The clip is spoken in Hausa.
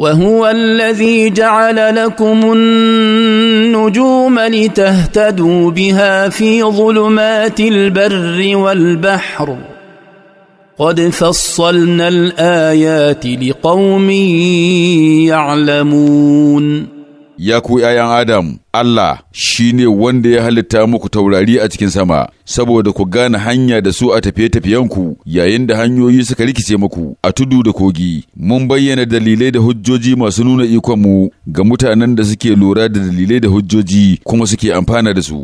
وهو الذي جعل لكم النجوم لتهتدوا بها في ظلمات البر والبحر قد فصلنا الايات لقوم يعلمون ya ku ’ya'yan Adam, Allah shi ne wanda ya halitta muku taurari a cikin sama, saboda ku gane hanya da su a tafiye-tafiyenku yayin da hanyoyi suka rikice muku a tudu da kogi. Mun bayyana dalilai da hujjoji masu nuna ikonmu ga mutanen da suke lura da dalilai da hujjoji kuma suke amfana da su.